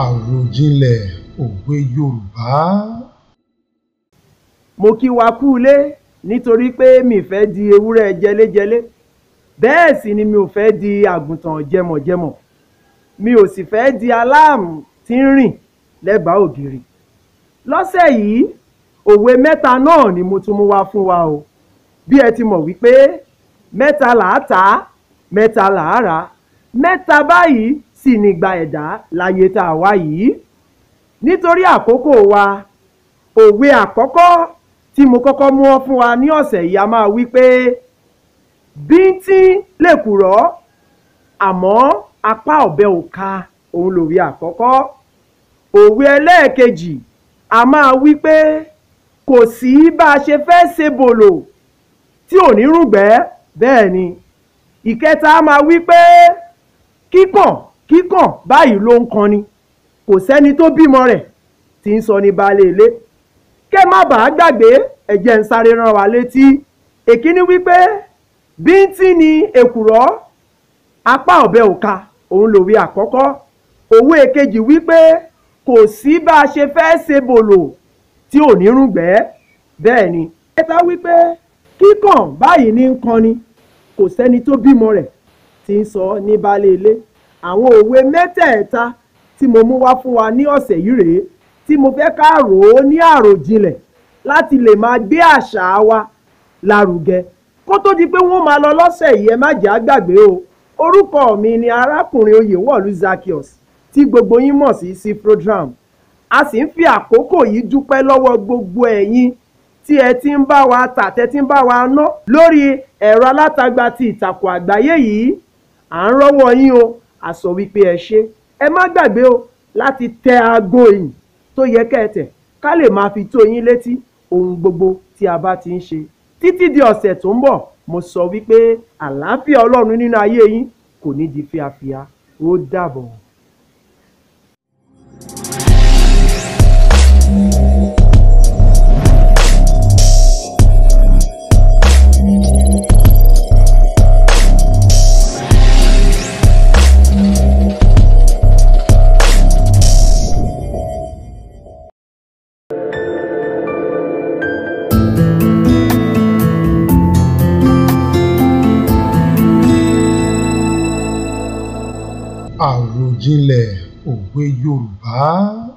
Àròjinlẹ̀ òwe Yorùbá. Mo kí wa kú ilé nítorí pé mi fẹ́ di ewúrẹ́ jẹléjẹlé bẹ́ẹ̀ sì ni mi ò fẹ́ di àgùntàn jẹmọ̀jẹmọ̀ mi ò sì fẹ́ di aláàmù tí ń rìn lẹ́bàá ògiri. Lọ́sẹ̀ yìí òwe mẹ́ta náà ni mo tún mú wá fún wa o bí ẹ ti mọ̀ wípé mẹ́ta là á tà á mẹ́ta là á rà mẹ́ta báyìí sì nígbà ẹ̀dá láyé tá a wá yìí nítorí àkókò wa òwe àkọ́kọ́ tí mo kọ́kọ́ mú ọ fún wa ní ọ̀sẹ̀ yìí a máa wí pé bíntín lèkùrọ́ àmọ́ apá ọ̀bẹ ò ka òun lòwe àkọ́kọ́ òwe ẹlẹ́ẹ̀kejì a máa wí pé kò sí bá a ṣe fẹ́ ṣe bòlò tí ò ní rùgbẹ́ bẹ́ẹ̀ ni ìkẹta a máa wí pé kíkàn kíkàn báyìí ló ń kan ni kò sẹ́ni tó bímọ rẹ̀ tí ń sọ ní baálé ilé kẹ́ má bàa gbàgbé ẹ̀jẹ̀ ń sáré rán wa létí èkíní wípé bíntín ni èkùrọ́ apá ọ̀bẹ òka òun lòwe àkọ́kọ́ òwe èkejì wípé kò sí bá a ṣe fẹ́ ṣe bòlò tí ò ní rúgbẹ́ bẹ́ẹ̀ ni. ẹ̀ta wípé kíkàn báyìí ní kọni kò sẹ́ni tó bímọ rẹ̀ tí ń sọ ní baálé ilé àwọn òwe mẹ́tẹ̀ẹ̀ta tí mo mú wá fún wa ní ọ̀sẹ̀ yìí rèé tí mo fẹ́ ká rò ó ní àròjinlẹ̀ láti lè máa gbé àṣà wa lárugẹ kó tó di pé wọ́n máa lọ lọ́sẹ̀ yìí ẹ má jẹ́ gbàgbé o orúkọ mi ni arákùnrin Oyèwọ̀lú Zaccheaus tí gbogbo yín mọ̀ sí Cfrodram a sì ń fi àkókò yìí dúpẹ́ lọ́wọ́ gbogbo ẹ̀yin tí ẹ ti ń bá wa tà tẹ́ ti ń bá wa ná lórí ẹ̀rọ alátagbà ti ìtàkùn àgbáyé yìí à ń rọ́wọ́ yín o àsọ wípé ẹ ṣe ẹ má gbàgbé o láti tẹ aago ìyìn tó yẹ kẹ́ẹ̀tẹ̀ ká lè máa fi tó yín létí ohun gbogbo tí a bá ti ń ṣe títí di ọ̀sẹ̀ tó ń bọ̀ mo sọ wípé àlàáfíà ọlọ́run nínú ayé yín kò ní di fíafíà ó dàbọ̀. Àròjinlẹ̀ òwe Yorùbá.